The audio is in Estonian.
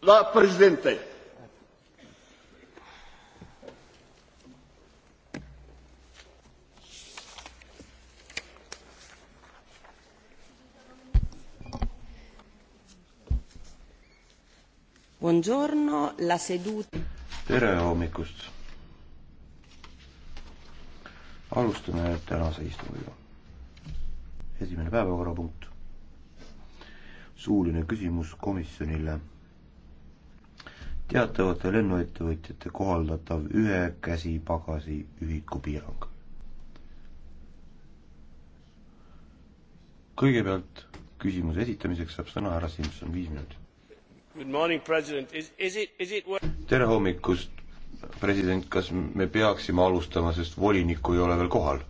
La Presidente. Buongiorno, la seduta. tere hommikust. alustame tänase istungiga. esimene päevakorrapunkt. suuline küsimus komisjonile teatavate lennuettevõtjate kohaldatav ühe käsipagasi ühiku piirang. kõigepealt küsimuse esitamiseks saab sõna härra Simson, viis minutit. It... tere hommikust, president, kas me peaksime alustama, sest volinikku ei ole veel kohal?